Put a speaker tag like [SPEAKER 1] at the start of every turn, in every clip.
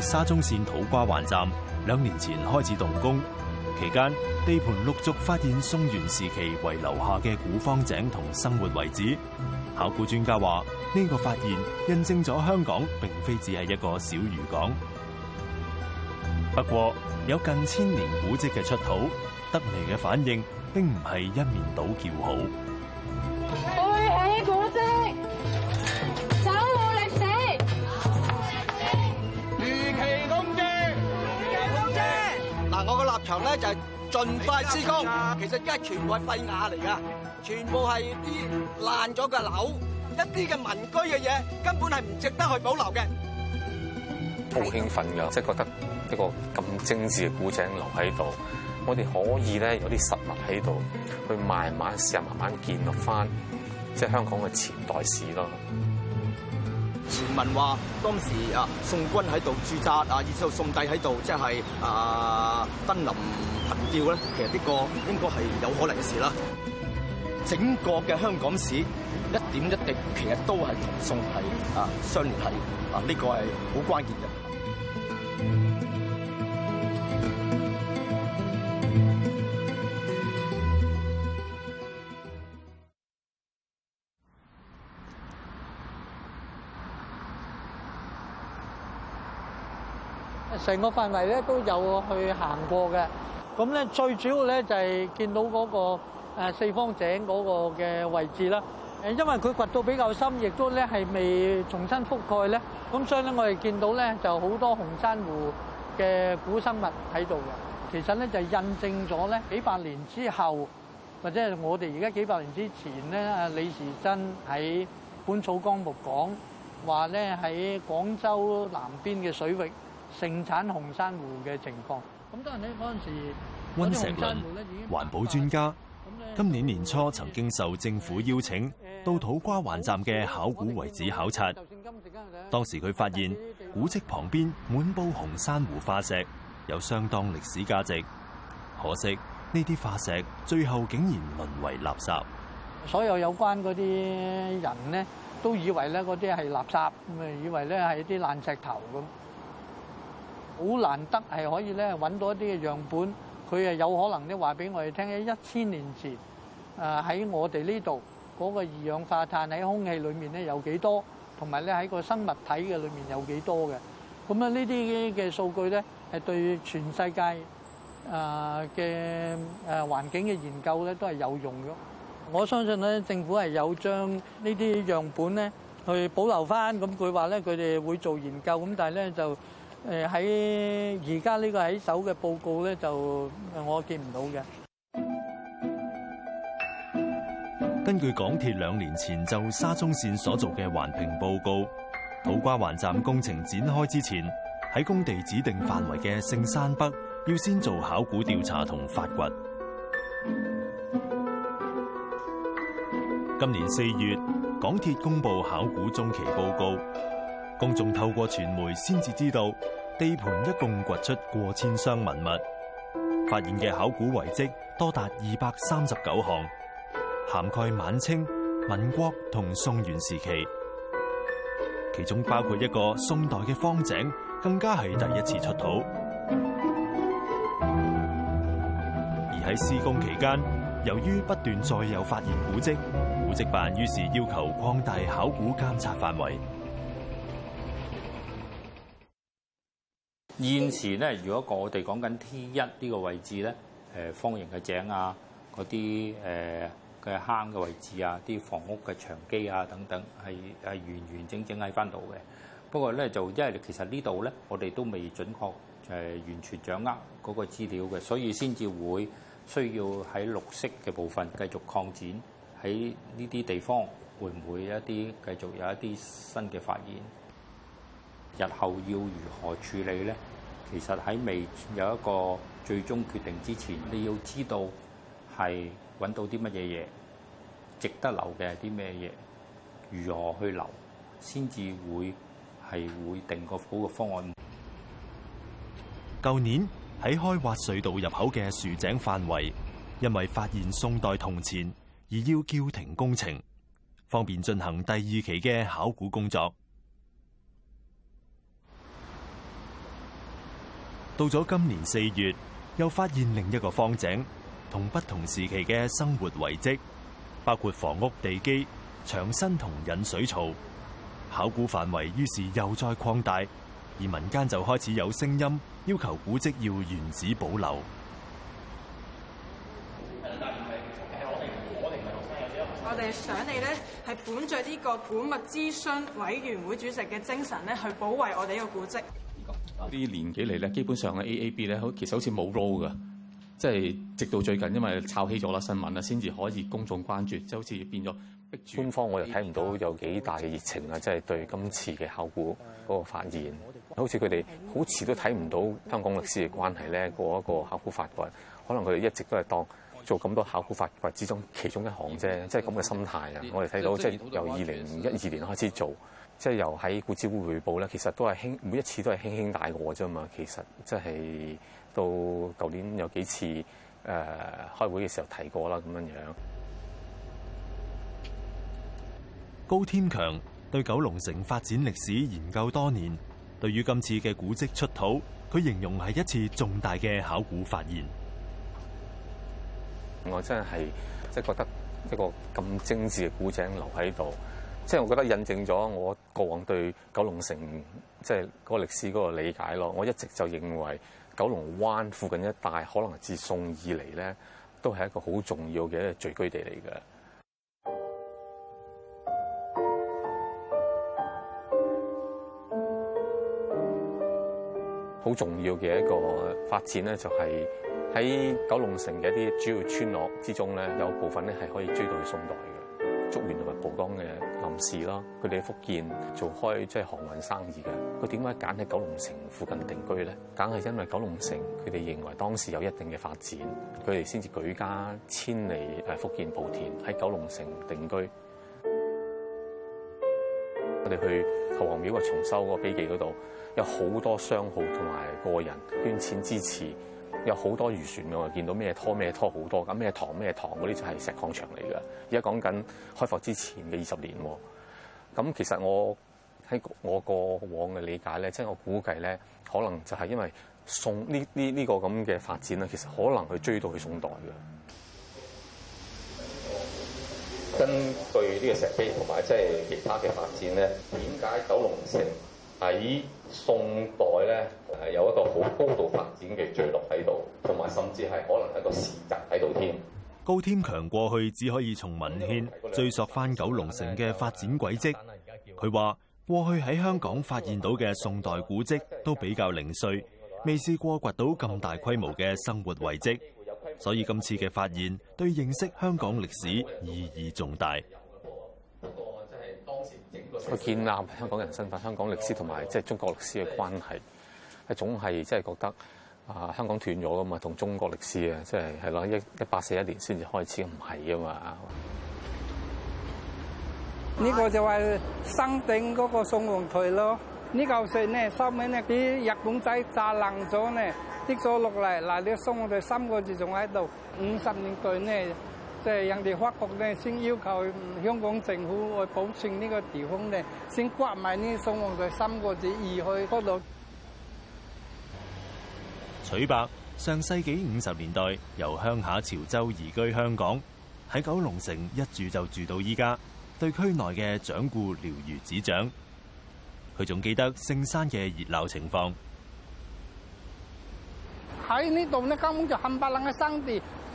[SPEAKER 1] 沙中線土瓜灣站兩年前開始動工，期間地盤陸續發現宋元時期遺留下嘅古方井同生活遺址。考古專家話，呢、這個發現印證咗香港並非只係一個小漁港。不過有近千年古蹟嘅出土，得嚟嘅反應並唔係一面倒叫好。
[SPEAKER 2] 背、哎、起、哎、古蹟。
[SPEAKER 3] 場咧就係、是、盡快施工，其實而家全部係廢瓦嚟噶，全部係啲爛咗嘅樓，一啲嘅民居嘅嘢根本係唔值得去保留嘅。
[SPEAKER 4] 好興奮㗎，即、就、係、是、覺得一個咁精緻嘅古井留喺度，我哋可以咧有啲實物喺度，去慢慢試下，慢慢建立翻即係香港嘅前代史咯。
[SPEAKER 3] 傳聞話當時啊，宋軍喺度駐紮，啊，然之後宋帝喺度，即係啊，登、呃、臨憑吊咧，其實呢個應該係有可能嘅事啦。整個嘅香港史一點一滴，其實都係同宋係啊相聯繫，啊、這、呢個係好關鍵嘅。
[SPEAKER 5] 成個範圍咧都有去行過嘅，咁咧最主要咧就係見到嗰個誒四方井嗰個嘅位置啦。誒，因為佢掘到比較深，亦都咧係未重新覆蓋咧，咁所以咧我哋見到咧就好多紅珊瑚嘅古生物喺度嘅。其實咧就印證咗咧幾百年之後，或者係我哋而家幾百年之前咧，李時珍喺《本草綱目》講話咧喺廣州南邊嘅水域，盛產紅珊瑚嘅情況，咁當然，咧嗰陣時，溫石麟，
[SPEAKER 1] 環保專家，今年年初曾經受政府邀請到土瓜灣站嘅考古遺址考察。當時佢發現古跡旁邊滿布紅珊瑚化石，有相當歷史價值。可惜呢啲化石最後竟然淪為垃圾。
[SPEAKER 5] 所有有關嗰啲人呢都以為咧嗰啲係垃圾，咁啊以為咧係啲爛石頭咁。好難得係可以咧揾到一啲嘅樣本，佢係有可能咧話俾我哋聽喺一千年前，誒喺我哋呢度嗰個二氧化碳喺空氣裡面咧有幾多，同埋咧喺個生物體嘅裡面有幾多嘅。咁啊，呢啲嘅數據咧係對全世界誒嘅誒環境嘅研究咧都係有用嘅。我相信咧政府係有將呢啲樣本咧去保留翻，咁佢話咧佢哋會做研究，咁但係咧就。誒喺而家呢個喺手嘅報告咧，就我見唔到嘅。
[SPEAKER 1] 根據港鐵兩年前就沙中線所做嘅環評報告，土瓜灣站工程展開之前，喺工地指定範圍嘅聖山北，要先做考古調查同發掘。今年四月，港鐵公布考古中期報告。公眾透過傳媒先至知道，地盤一共掘出過千箱文物，發現嘅考古遺跡多達二百三十九項，涵蓋晚清、民國同宋元時期，其中包括一個宋代嘅方井，更加係第一次出土。而喺施工期間，由於不斷再有發現古蹟，古蹟辦於是要求擴大考古監察範圍。
[SPEAKER 4] 現時咧，如果我哋講緊 T 一呢個位置咧，方形嘅井啊，嗰啲嘅坑嘅位置啊，啲房屋嘅牆基啊等等，係完完整整喺翻到嘅。不過咧，就因為其實呢度咧，我哋都未準確完全掌握嗰個資料嘅，所以先至會需要喺綠色嘅部分繼續擴展。喺呢啲地方，會唔會一啲繼續有一啲新嘅發現？日後要如何處理呢？其實喺未有一個最終決定之前，你要知道係揾到啲乜嘢嘢值得留嘅啲咩嘢，如何去留，先至會係會定個好嘅方案。舊年
[SPEAKER 1] 喺開挖隧道入口嘅樹井範圍，因為發現宋代銅錢而要叫停工程，方便進行第二期嘅考古工作。到咗今年四月，又發現另一個方井同不同時期嘅生活遺蹟，包括房屋地基、牆身同引水槽。考古範圍於是又再擴大，而民間就開始有聲音要求古蹟要原址保留。
[SPEAKER 3] 我
[SPEAKER 2] 哋想你呢，係本着呢個古物諮詢委員會主席嘅精神呢，去保衛我哋嘅古蹟。
[SPEAKER 4] 啲年紀嚟咧，基本上嘅 A A B 咧，好其實好似冇 role 嘅，即係直到最近，因為炒起咗啦新聞啦，先至可以公眾關注，即係好似變咗逼住。官方我又睇唔到有幾大嘅熱情啊！即係對今次嘅考古嗰個發現，好似佢哋好似都睇唔到香港歷史嘅關係咧，過一個考古發掘，可能佢哋一直都係當做咁多考古發掘之中其中一行啫，即係咁嘅心態啊！我哋睇到即係由二零一二年開始做。即係由喺古諮會匯報咧，其實都係輕，每一次都係輕輕帶過啫嘛。其實即係到舊年有幾次誒、呃、開會嘅時候提過啦，咁樣樣。
[SPEAKER 1] 高天強對九龍城發展歷史研究多年，對於今次嘅古蹟出土，佢形容係一次重大
[SPEAKER 4] 嘅考古發現。我真係即係覺得一個咁精緻嘅古井留喺度。即係我覺得印證咗我過往對九龍城即係嗰個歷史嗰個理解咯。我一直就認為九龍灣附近一帶可能自宋以嚟咧，都係一個好重要嘅一個聚居地嚟嘅。好重要嘅一個發展咧，就是，就係喺九龍城嘅一啲主要村落之中咧，有部分咧係可以追到去宋代嘅。福建同埋浦江嘅人士啦，佢哋喺福建做開即係航運生意嘅，佢點解揀喺九龍城附近定居咧？梗係因為九龍城，佢哋認為當時有一定嘅發展，佢哋先至舉家遷嚟，誒福建莆田喺九龍城定居。 我哋去求王廟啊，重修嗰個碑記嗰度有好多商號同埋個人捐錢支持。有好多漁船㗎喎，見到咩拖咩拖好多，咁咩塘咩塘嗰啲就係石礦場嚟㗎。而家講緊開埠之前嘅二十年，咁其實我喺我過往嘅理解咧，即係我估計咧，可能就係因為宋呢呢呢個咁嘅發展啦，其實可能去追到去宋代嘅。根據呢個石碑同埋即係其他嘅發展咧，點解九龍城？喺宋代咧，誒有一個好高度發展嘅聚落喺度，同埋甚至係可能一個市集喺度添。
[SPEAKER 1] 高添強過去只可以從文獻追溯翻九龍城嘅發展軌跡，佢話過去喺香港發現到嘅宋代古蹟都比較零碎，未試過掘到咁大規模嘅生活遺蹟，所以今次嘅發現對認識香港歷史
[SPEAKER 4] 意義重大。佢建立香港人身份、香港歷史同埋即係中國歷史嘅關係，係總係即係覺得啊，香港斷咗噶嘛，同中國歷史啊，即係係咯一一八四一年先至開始，唔係啊嘛？
[SPEAKER 6] 呢個就係生頂嗰個宋皇台咯。呢嚿石呢，收尾呢俾日本仔炸爛咗呢，跌咗落嚟。嗱，呢個宋皇台三個字仲喺度，五十年代呢。即係人哋法國呢，先要求香港政府去保存呢個地方咧，先掛埋呢嘅三個字移去嗰度。
[SPEAKER 1] 取白上世紀五十年代由鄉下潮州移居香港，喺九龍城一住就住到依家，對區內嘅掌故了如指掌。佢仲記得聖山嘅熱鬧情況。
[SPEAKER 6] 喺呢度呢，根本就冚唪唥嘅生地。啲人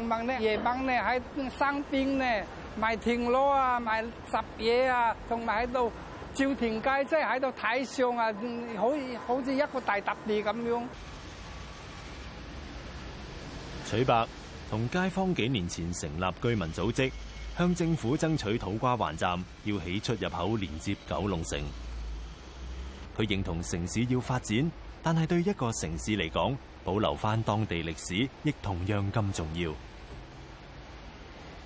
[SPEAKER 6] 民咧，夜晚咧喺山邊咧賣田螺啊，賣雜嘢啊，同埋喺度照田雞即係喺度睇相啊，好好似一個大笪地咁樣。
[SPEAKER 1] 取白同街坊幾年前成立居民組織，向政府爭取土瓜灣站要起出入口連接九龍城。佢認同城市要發展，但係對一個城市嚟講，保留翻當地歷史亦同樣咁重要，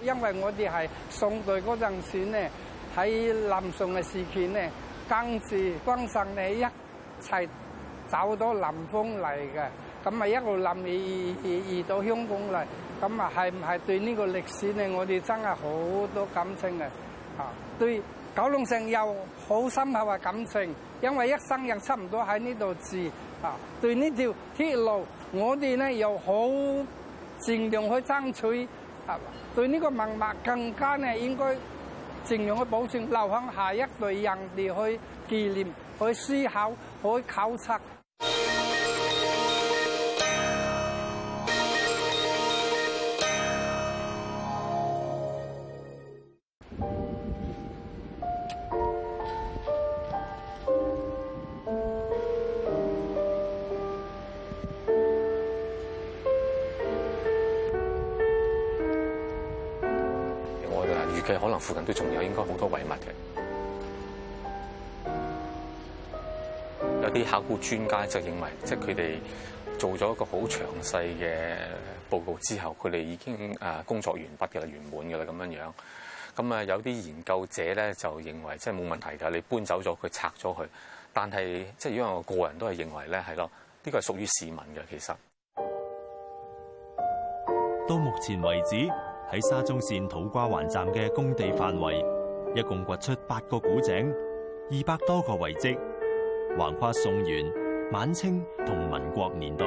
[SPEAKER 6] 因為我哋係宋代嗰陣時咧，喺南宋嘅事件咧，跟住跟上你一齊走到南豐嚟嘅，咁啊一路諗起移到香港嚟，咁啊係唔係對呢個歷史咧，我哋真係好多感情嘅，啊對九龍城有好深厚嘅感情，因為一生人差唔多喺呢度住。啊！對呢條鐵路，我哋咧又好盡量去爭取。啊！對呢個文物更加咧應該盡量去保存，留喺下一代人哋去紀念、去思考、去考察。
[SPEAKER 4] 附近都仲有應該好多遺物嘅，有啲考古專家就認為，即係佢哋做咗一個好詳細嘅報告之後，佢哋已經誒工作完畢嘅啦，完滿嘅啦咁樣樣。咁啊，有啲研究者咧就認為，即係冇問題㗎，你搬走咗佢，拆咗佢。但係即係因為我個人都係認為咧，係咯，呢個係屬於市民嘅其實。
[SPEAKER 1] 到目前為止。喺沙中線土瓜灣站嘅工地範圍，一共掘出八個古井，二百多個遺跡，橫跨宋元、晚清同民國年代。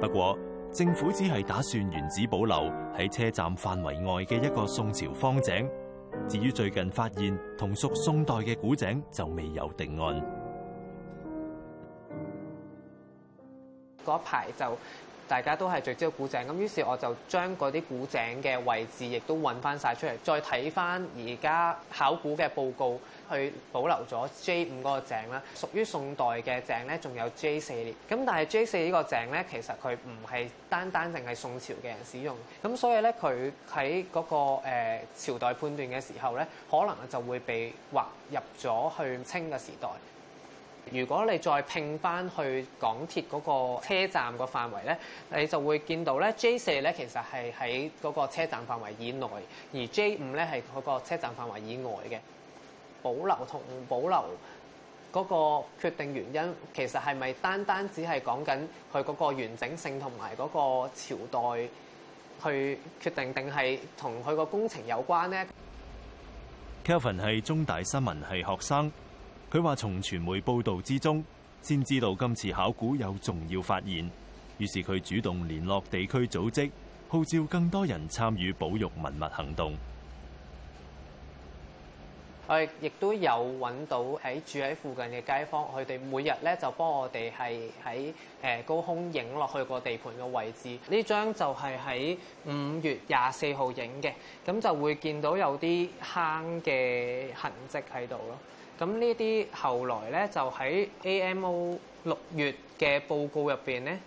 [SPEAKER 1] 不過政府只係打算原址保留喺車站範圍外嘅一個宋朝方井，至於最近發現同屬宋代嘅古井就未有定案。嗰
[SPEAKER 7] 排就。大家都係聚焦古井咁，於是我就將嗰啲古井嘅位置亦都揾翻晒出嚟，再睇翻而家考古嘅報告，去保留咗 J 五嗰個井啦，屬於宋代嘅井咧，仲有 J 四列。咁但係 J 四呢個井咧，其實佢唔係單單淨係宋朝嘅人使用，咁所以咧佢喺嗰個朝代判斷嘅時候咧，可能就會被劃入咗去清嘅時代。如果你再拼返去港鐵 𠮶 個車站個範圍咧，你就會見到咧 J4 咧其實係喺 𠮶 個車站範圍以內，而 J5 咧，係個車站範圍以外嘅保留同唔保留 𠮶 個決定原因，其實係咪單單只係講緊佢 𠮶 個完整性同埋個朝代去決定定係同佢個工程有關呢？
[SPEAKER 1] Kelvin 係中大新聞係學生。佢話從傳媒報導之中，先知道今次考古有重要發現，於是佢主動聯絡地區組織，號召更多人參與保育文物行動。
[SPEAKER 7] 我亦都有揾到喺住喺附近嘅街坊，佢哋每日咧就幫我哋係喺誒高空影落去個地盤嘅位置。呢張就係喺五月廿四號影嘅，咁就會見到有啲坑嘅痕迹喺度咯。咁呢啲後來咧就喺 AMO 六月嘅報告入邊咧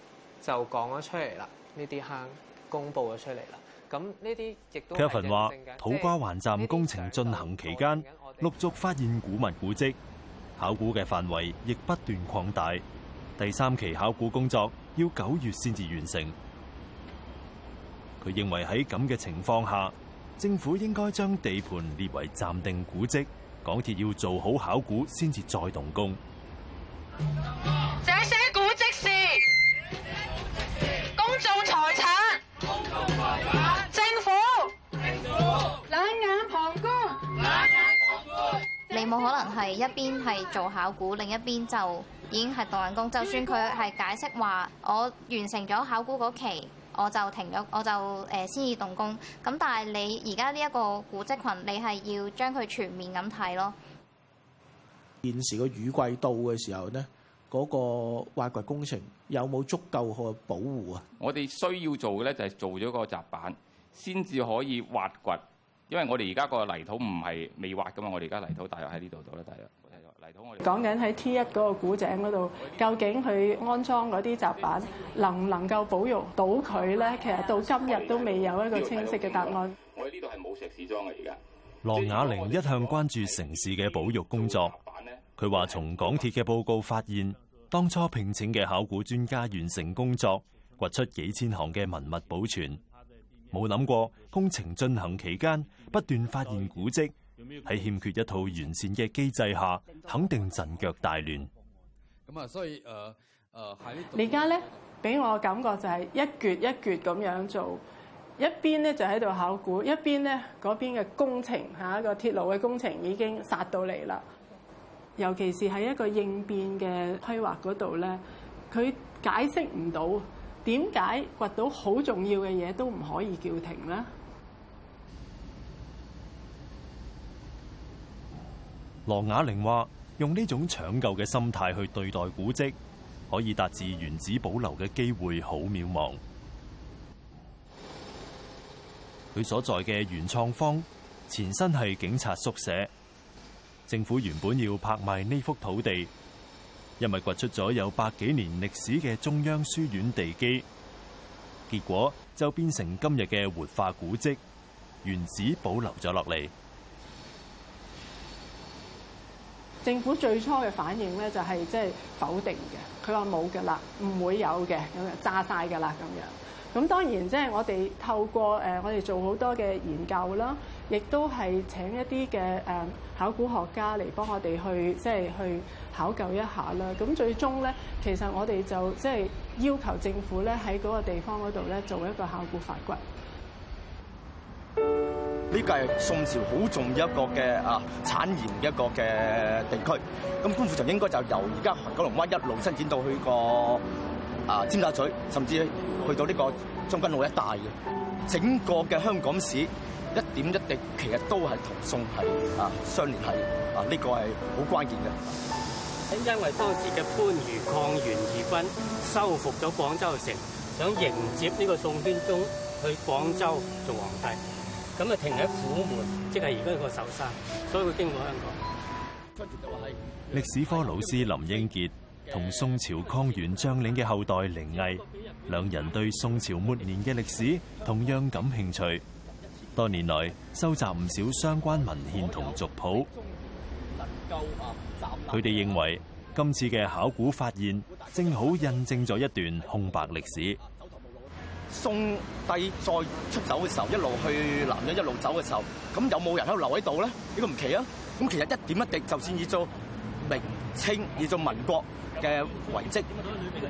[SPEAKER 7] 就講咗出嚟啦，呢啲坑公布咗出嚟啦。咁呢啲亦都係 Kevin 話土瓜灣
[SPEAKER 1] 站工程進行期間。陸續發現古物古蹟，考古嘅範圍亦不斷擴大。第三期考古工作要九月先至完成。佢認為喺咁嘅情況下，政府應該將地盤列為暫定古蹟，港鐵要做好考古先至再動工。
[SPEAKER 8] 一邊係做考古，另一邊就已經係動緊工。就算佢係解釋話，我完成咗考古嗰期，我就停咗，我就誒先至動工。咁但係你而家呢一個古蹟群，你係要將佢全面咁睇咯。
[SPEAKER 3] 現時個雨季到嘅時候呢，嗰、嗰個挖掘工程有冇足夠嘅保護啊？
[SPEAKER 4] 我哋需要做嘅呢，就係做咗個閘板，先至可以挖掘。因為我哋而家個泥土唔係未挖㗎嘛，我哋而家泥土大約喺呢度度。啦，大約，大約泥
[SPEAKER 2] 土我哋講緊喺 T 一嗰個古井嗰度，究竟佢安裝嗰啲閘板能唔能夠保育到佢咧？其實到今日都未有一個清晰嘅答案。我喺
[SPEAKER 4] 呢度係冇石屎裝嘅。而家。
[SPEAKER 1] 羅雅玲一向關注城市嘅保育工作，佢話：從港鐵嘅報告發現，當初聘請嘅考古專家完成工作，掘出幾千項嘅文物保存。冇諗過工程進行期間不斷發現古蹟，喺欠缺一套完善嘅機制下，肯定陣腳大亂。
[SPEAKER 7] 咁啊，所以誒誒喺
[SPEAKER 2] 而家咧，俾我感覺就係一橛一橛咁樣做，一邊咧就喺度考古，一邊咧嗰邊嘅工程吓，一個鐵路嘅工程已經殺到嚟啦。尤其是喺一個應變嘅規劃嗰度咧，佢解釋唔到。點解掘到好重要嘅嘢都唔可以叫停呢？
[SPEAKER 1] 羅雅玲話：用呢種搶救嘅心態去對待古蹟，可以達至原址保留嘅機會好渺茫。佢所在嘅元創方前身係警察宿舍，政府原本要拍賣呢幅土地。因為掘出咗有百幾年歷史嘅中央書院地基，結果就變成今日嘅活化古蹟，原址保留咗落嚟。
[SPEAKER 2] 政府最初嘅反應咧，就係即係否定嘅。佢話冇嘅啦，唔會有嘅咁樣，炸晒嘅啦咁樣。咁當然即係我哋透過誒，我哋做好多嘅研究啦，亦都係請一啲嘅誒考古學家嚟幫我哋去即係、即係、去考究一下啦。咁最終咧，其實我哋就即係要求政府咧，喺嗰個地方嗰度咧，做一個考古發掘。
[SPEAKER 3] 呢個係宋朝好重要的一個嘅啊產鹽一個嘅地區，咁官府就應該就由而家九龍灣一路伸展到去個啊尖沙咀，甚至去到呢個將軍澳一帶嘅整個嘅香港史一點一滴，其實都係同宋係啊相連係啊，呢個係好關鍵嘅。咁因為當時嘅番禺抗元義軍收復咗廣州城，想迎接呢個宋端宗去廣州做皇帝。咁啊停喺虎門，即係而家呢個首山，所以會經過香
[SPEAKER 1] 港。歷史科老師林英杰同宋朝抗元將領嘅後代凌毅，兩人對宋朝末年嘅歷史同樣感興趣。多年來收集唔少相關文獻同族譜，
[SPEAKER 3] 佢哋認
[SPEAKER 1] 為今次嘅考古發現正好印證咗一段空白歷史。
[SPEAKER 3] 宋帝再出走嘅時候，一路去南洋一路走嘅時候，咁有冇人喺度留喺度咧？呢、這個唔奇啊。咁其實一點一滴，就算以做明清以做民國嘅遺跡，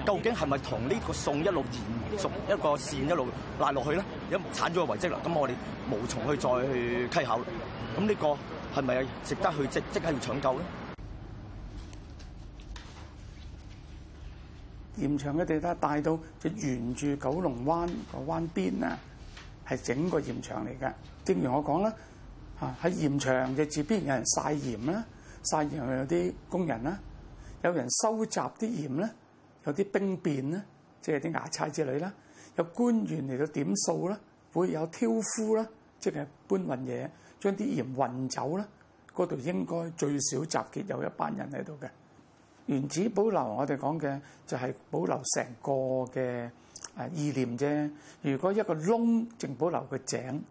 [SPEAKER 3] 究竟係咪同呢個宋一路延續一個線一路拉落去咧？有冇鏟咗個遺跡啦？咁我哋無從去再去稽考。咁呢個係咪值得去即即刻要搶救咧？
[SPEAKER 4] 鹽場嘅地帶大到，就沿住九龍灣個灣邊啦，係整個鹽場嚟嘅。正如我講啦，啊喺鹽場嘅自邊有人晒鹽啦，晒鹽又有啲工人啦，有人收集啲鹽咧，有啲兵弁咧，即係啲衙差之類啦，有官員嚟到點數啦，會有挑夫啦，即係搬運嘢，將啲鹽運走啦，嗰度應該最少集結有一班人喺度嘅。原址保留我哋講嘅就係保留成個嘅誒意念啫。如果一個窿淨保留個井，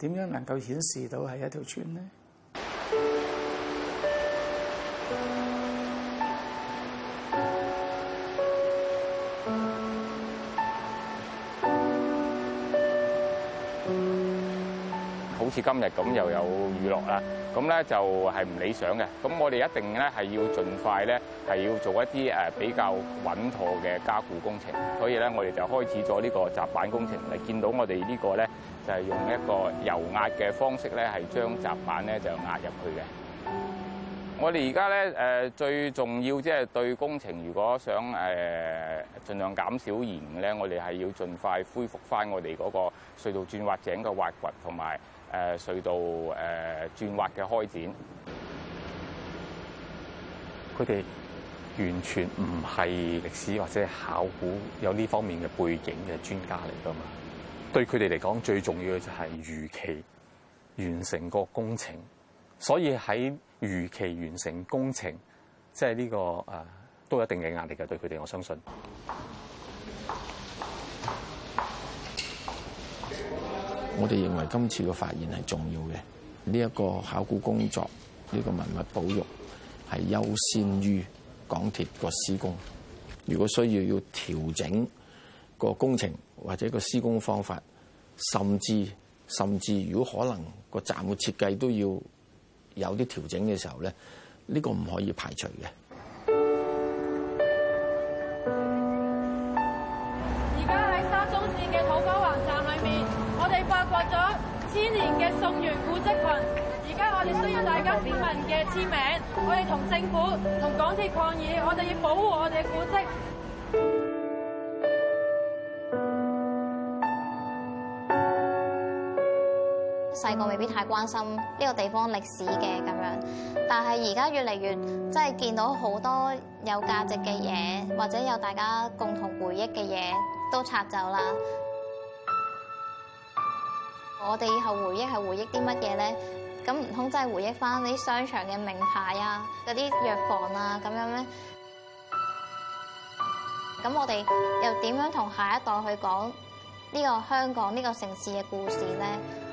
[SPEAKER 4] 點樣能夠顯示到係一條村咧？好似今日咁又有雨落啦，咁咧就係唔理想嘅。咁我哋一定咧係要盡快咧係要做一啲誒比較穩妥嘅加固工程。所以咧，我哋就開始咗呢個閘板工程嚟。見到我哋呢個咧就係、是、用一個油壓嘅方式咧，係將閘板咧就壓入去嘅。我哋而家咧誒最重要即係對工程，如果想誒、呃、盡量減少延誤咧，我哋係要盡快恢復翻我哋嗰個隧道鑽挖井嘅挖掘同埋。誒隧道誒鑽挖嘅開展，佢哋完全唔係歷史或者考古有呢方面嘅背景嘅專家嚟㗎嘛。對佢哋嚟講，最重要嘅就係如期完成個工程。所以喺如期完成工程，即係呢個誒都有一定嘅壓力嘅。對佢哋，我相信。我哋認為今次嘅發現係重要嘅，呢一個考古工作，呢個文物保育係優先於港鐵個施工。如果需要要調整個工程或者個施工方法，甚至甚至如果可能個站嘅設計都要有啲調整嘅時候咧，呢個唔可以
[SPEAKER 2] 排除嘅。活咗千年嘅宋元古蹟群，而家我哋需要大家市民嘅簽名，我哋同政府、同港鐵抗議，我哋要保護我哋古蹟。
[SPEAKER 8] 細個未必太關心呢個地方歷史嘅咁樣，但係而家越嚟越即係見到好多有價值嘅嘢，或者有大家共同回憶嘅嘢都拆走啦。我哋以後回憶係回憶啲乜嘢咧？咁唔通真係回憶翻啲商場嘅名牌啊，嗰啲藥房啊咁樣咩？咁我哋又點樣同下一代去講呢個香港呢個城市嘅故事咧？